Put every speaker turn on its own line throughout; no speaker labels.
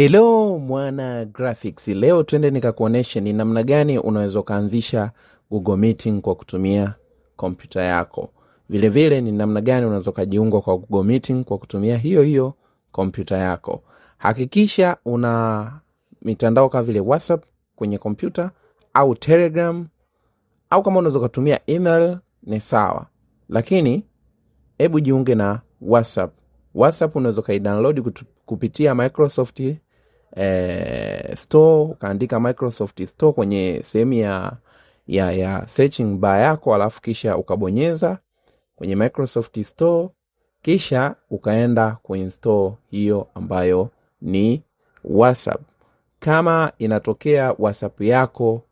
Hello mwana graphics, leo twende nikakuonyeshe ni namna gani unaweza ukaanzisha Google Meeting kwa kutumia kompyuta yako. Vilevile vile, ni namna gani unaweza ukajiunga kwa Google Meeting kwa kutumia hiyo hiyo kompyuta yako. Hakikisha una mitandao kama vile WhatsApp kwenye kompyuta au Telegram au kama unaweza ukatumia email ni sawa, lakini hebu jiunge na WhatsApp. WhatsApp unaweza ukaidownload kupitia Microsoft eh, store ukaandika Microsoft Store kwenye sehemu ya, ya, ya searching bar yako, alafu kisha ukabonyeza kwenye Microsoft Store kisha ukaenda kuinstall hiyo ambayo ni WhatsApp. Kama inatokea WhatsApp yako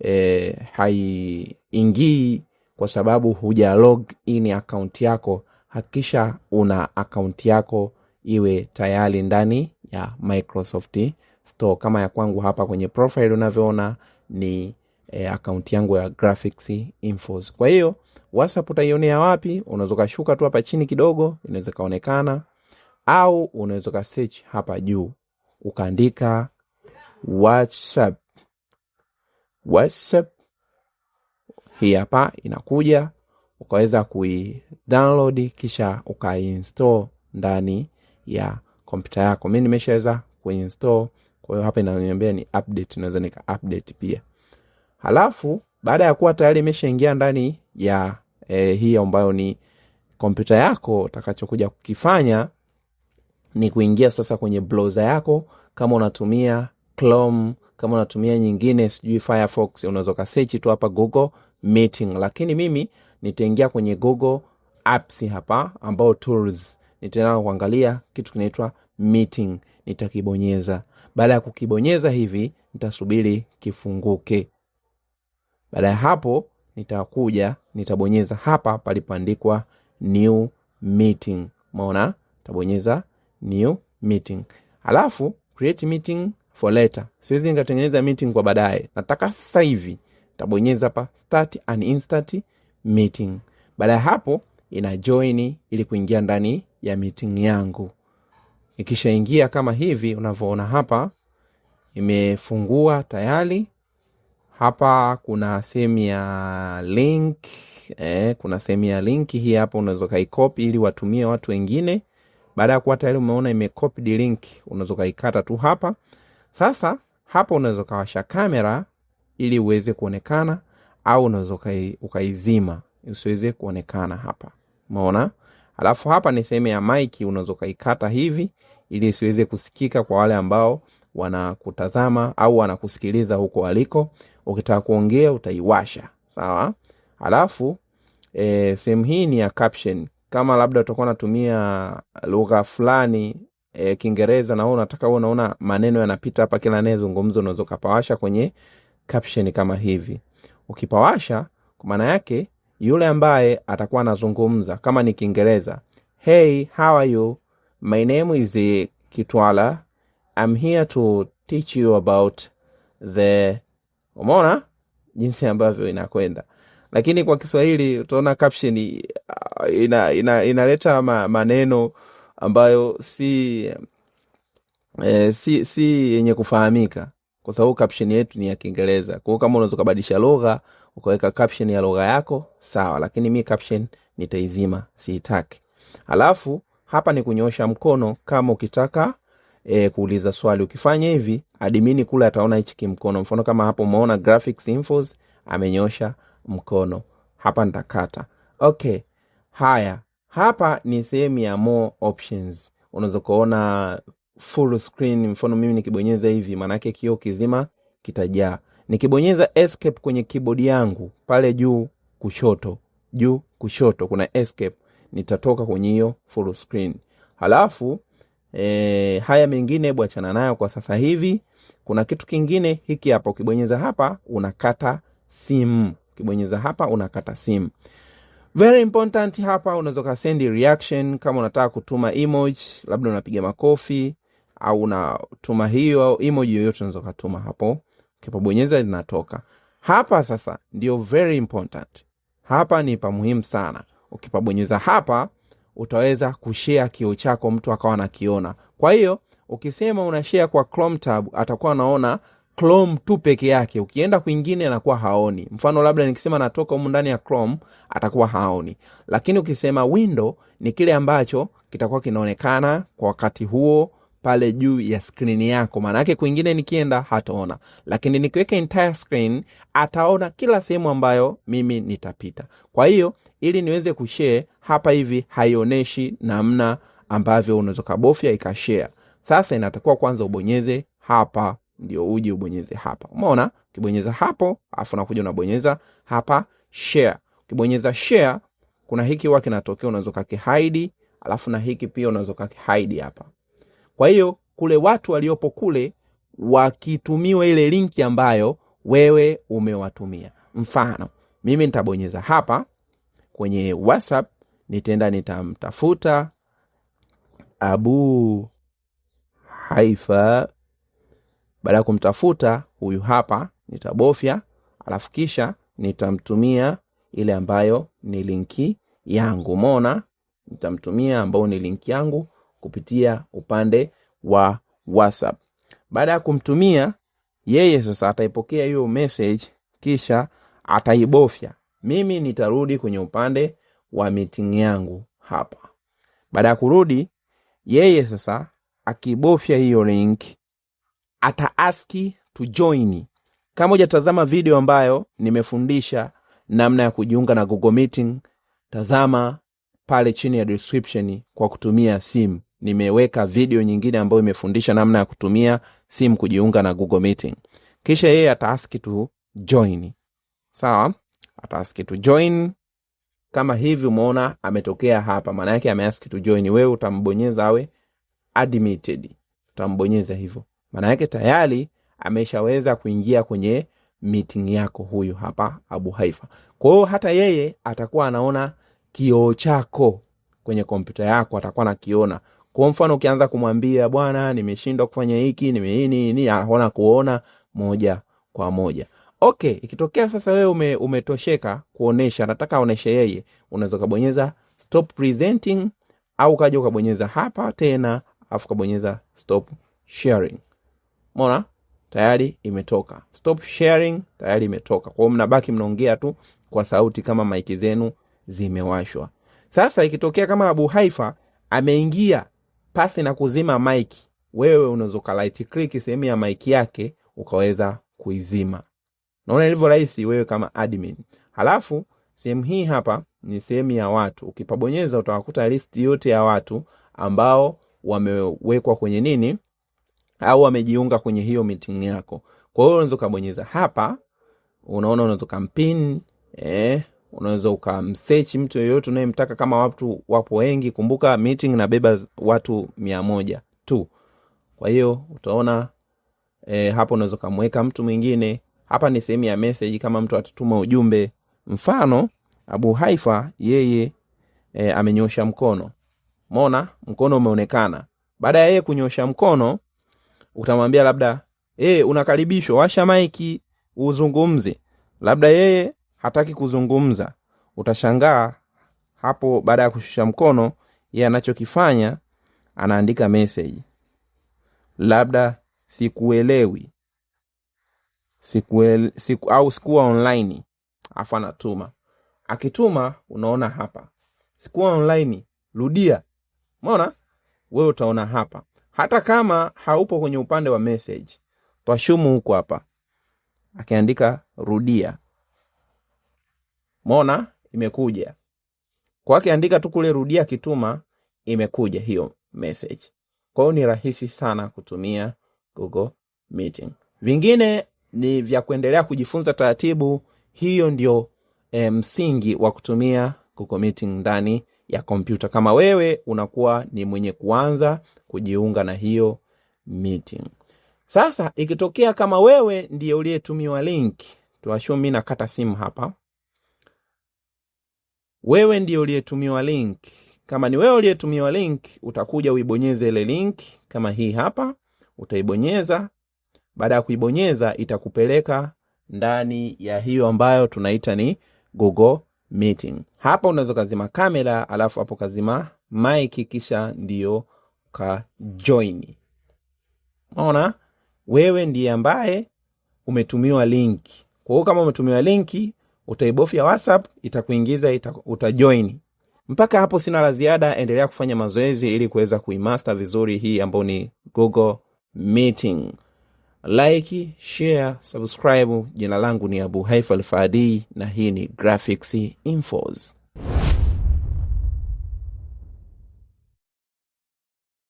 eh, haiingii kwa sababu huja log in akaunti yako, hakikisha una akaunti yako iwe tayari ndani ya Microsoft Store. Kama ya kwangu hapa kwenye profile unavyoona ni e, eh, akaunti yangu ya graphics infos. Kwa hiyo WhatsApp utaionea wapi? Unaweza ukashuka tu hapa chini kidogo, inaweza kaonekana, au unaweza ka search hapa juu ukaandika WhatsApp. WhatsApp hii hapa inakuja, ukaweza kui download kisha ukainstall ndani ya kompyuta yako mi nimeshaweza kuinstall kwa hiyo hapa inaniambia ni update naweza nika update pia halafu baada ya kuwa tayari imeshaingia ndani ya e, hii ambayo ni kompyuta yako utakachokuja kukifanya ni kuingia sasa kwenye browser yako kama unatumia Chrome, kama unatumia nyingine sijui Firefox, unaweza ukasechi tu hapa Google Meeting, lakini mimi nitaingia kwenye Google Apps hapa ambao tools nitaenda kuangalia kitu kinaitwa meeting nitakibonyeza baada ya kukibonyeza hivi nitasubiri kifunguke baada ya hapo nitakuja nitabonyeza hapa palipoandikwa new meeting maona tabonyeza new meeting alafu create meeting for later siwezi nikatengeneza meeting kwa baadaye nataka sasa hivi tabonyeza pa start an instant meeting baada ya hapo ina join ili kuingia ndani ya meeting yangu. Ikishaingia kama hivi unavyoona hapa, imefungua tayari. Hapa kuna sehemu ya link eh, kuna sehemu ya link hii hapa, unaweza kaikopi ili watumie watu wengine. Baada ya kuwa tayari umeona imekopi link, unaweza kaikata tu hapa. Sasa hapa unaweza kawasha kamera ili uweze kuonekana, au unaweza ukaizima usiweze kuonekana hapa. Umeona? Alafu hapa ni sehemu ya maiki, unaweza ukaikata hivi ili isiweze kusikika kwa wale ambao wanakutazama au wanakusikiliza huko waliko. Ukitaka kuongea utaiwasha, sawa. Alafu e, sehemu hii ni ya caption. Kama labda utakuwa unatumia lugha fulani e, Kiingereza na wewe unataka unaona maneno yanapita hapa kila anayezungumza, unaweza ukapawasha kwenye caption kama hivi. Ukipawasha kwa maana yake yule ambaye atakuwa anazungumza kama ni Kiingereza, hey how are you my name is Kitwala I'm here to teach you about the. umona jinsi ambavyo inakwenda, lakini kwa Kiswahili utaona caption uh, ina, ina, inaleta ma, maneno ambayo si e, si si yenye kufahamika, kwa sababu caption yetu ni ya Kiingereza. kwao kama unaweza ukabadilisha lugha ukaweka caption ya lugha yako sawa, lakini mi caption nitaizima, siitaki. Alafu hapa ni kunyosha mkono kama ukitaka e, kuuliza swali. Ukifanya hivi admini kule ataona hichi kimkono. Mfano kama hapo umeona graphics infos amenyosha mkono hapa, nitakata okay. Haya, hapa ni sehemu ya more options, unaweza kuona full screen. Mfano mimi nikibonyeza hivi, maanake kioo kizima kitajaa. Nikibonyeza escape kwenye keyboard yangu pale juu kushoto, juu kushoto kuna escape, nitatoka kwenye hiyo full screen. Halafu e, haya mengine bwachana nayo kwa sasa hivi. Kuna kitu kingine hiki hapa, ukibonyeza hapa unakata simu, ukibonyeza hapa unakata simu. Very important hapa, unaweza ka send reaction kama unataka kutuma emoji, labda unapiga makofi au unatuma hiyo emoji yoyote, unaweza kutuma hapo Ukipobonyeza linatoka hapa. Sasa ndio very important, hapa ni pa muhimu sana. Ukipabonyeza hapa, utaweza kushea kio chako, mtu akawa nakiona Kwa hiyo ukisema una share kwa Chrome tab, atakuwa anaona Chrome tu peke yake. Ukienda kwingine anakuwa haoni. Mfano labda nikisema natoka humu ndani ya Chrome atakuwa haoni, lakini ukisema window ni kile ambacho kitakuwa kinaonekana kwa wakati huo pale juu ya skrini yako, maanake kwingine nikienda hataona, lakini nikiweka entire screen ataona kila sehemu ambayo mimi nitapita. Kwa hiyo ili niweze kushare hapa hivi haionyeshi namna ambavyo unaweza ukabofya ikashare. Sasa inatakiwa kwanza ubonyeze hapa ndio uje ubonyeze hapa. Umeona, ukibonyeza hapo alafu nakuja unabonyeza hapa share. Ukibonyeza share, kuna hiki huwa kinatokea, unaweza ukakihaidi, alafu na hiki pia unaweza ukakihaidi hapa. Kwa hiyo kule watu waliopo kule wakitumiwa ile linki ambayo wewe umewatumia. Mfano, mimi nitabonyeza hapa kwenye WhatsApp, nitaenda nitamtafuta Abu Haifa. Baada ya kumtafuta huyu hapa, nitabofya alafu kisha nitamtumia ile ambayo ni linki yangu. Umeona, nitamtumia ambayo ni linki yangu kupitia upande wa WhatsApp. Baada ya kumtumia yeye, sasa ataipokea hiyo message, kisha ataibofya. Mimi nitarudi kwenye upande wa meeting yangu hapa. Baada ya kurudi yeye, sasa akibofya hiyo link ata aski to join. Kama ujatazama video ambayo nimefundisha namna ya kujiunga na Google Meeting, tazama pale chini ya description kwa kutumia simu nimeweka video nyingine ambayo imefundisha namna ya kutumia simu kujiunga na Google Meeting. Kisha yeye ataaski tu join, sawa? Ataaski tu join kama hivi, umeona ametokea hapa, maana yake ameaski tu join. Wewe utambonyeza awe admitted, utambonyeza hivyo, maana yake tayari ameshaweza kuingia kwenye meeting yako. Huyu hapa Abu Haifa. Kwa hiyo hata yeye atakuwa anaona kioo chako kwenye kompyuta yako, atakuwa anakiona. Kwa mfano ukianza kumwambia bwana, nimeshindwa kufanya hiki, nimeini ni ah, anaona kuona moja kwa moja. Okay, ikitokea sasa wewe ume, umetosheka kuonesha, nataka aoneshe yeye, unaweza ukabonyeza stop presenting au ukaja ukabonyeza hapa tena, alafu ukabonyeza stop sharing. Umeona tayari imetoka stop sharing, tayari imetoka. kwao mnabaki mnaongea tu kwa sauti kama maiki zenu zimewashwa. Sasa ikitokea kama Abu Haifa ameingia pasi na kuzima maiki, wewe unaweza ukalight click sehemu ya maiki yake ukaweza kuizima. Naona ilivyo rahisi wewe kama admin. Halafu sehemu hii hapa ni sehemu ya watu, ukipabonyeza utawakuta listi yote ya watu ambao wamewekwa kwenye nini au wamejiunga kwenye hiyo meeting yako. Kwa hiyo unaweza ukabonyeza hapa, unaona unaweza ukampin eh, unaweza ukamsechi mtu yoyote unayemtaka kama watu wapo wengi kumbuka meeting nabeba watu mia moja tu kwa hiyo utaona e, hapo unaweza ukamweka mtu mwingine hapa ni sehemu ya meseji kama mtu atatuma ujumbe mfano abu haifa yeye e, amenyosha mkono mona mkono umeonekana baada ya yeye kunyosha mkono utamwambia labda e, unakaribishwa washa maiki uzungumze labda yeye hataki kuzungumza. Utashangaa hapo baada ya kushusha mkono, ye anachokifanya anaandika meseji, labda sikuelewi sikuele, siku, au sikuwa online, afu anatuma. Akituma unaona hapa sikuwa online, rudia. mona wewe, utaona hapa hata kama haupo kwenye upande wa message, twashumu huko hapa, akiandika rudia. Mona imekuja kwa akiandika tu kule rudia kituma, imekuja hiyo message. kwahiyo ni rahisi sana kutumia Google Meeting. Vingine ni vya kuendelea kujifunza taratibu. Hiyo ndio e, msingi wa kutumia Google Meeting ndani ya kompyuta, kama wewe unakuwa ni mwenye kuanza kujiunga na hiyo meeting. Sasa ikitokea kama wewe ndiye uliyetumiwa link, tuashumi nakata simu hapa wewe ndio uliyetumiwa link. Kama ni wewe uliyetumiwa link, utakuja uibonyeze ile link kama hii hapa, utaibonyeza. Baada ya kuibonyeza, itakupeleka ndani ya hiyo ambayo tunaita ni Google Meeting. Hapa unaweza ukazima kamera, alafu hapo kazima mic, kisha ndio ka join. Unaona, wewe ndiye ambaye umetumiwa linki. Kwa hiyo kama umetumiwa linki utaibofya WhatsApp itakuingiza ita, utajoin. Mpaka hapo sina la ziada, endelea kufanya mazoezi ili kuweza kuimaster vizuri hii ambayo ni Google Meeting. Like, share, subscribe. Jina langu ni Abu Haifa Alfadi na hii ni Graphics Infos.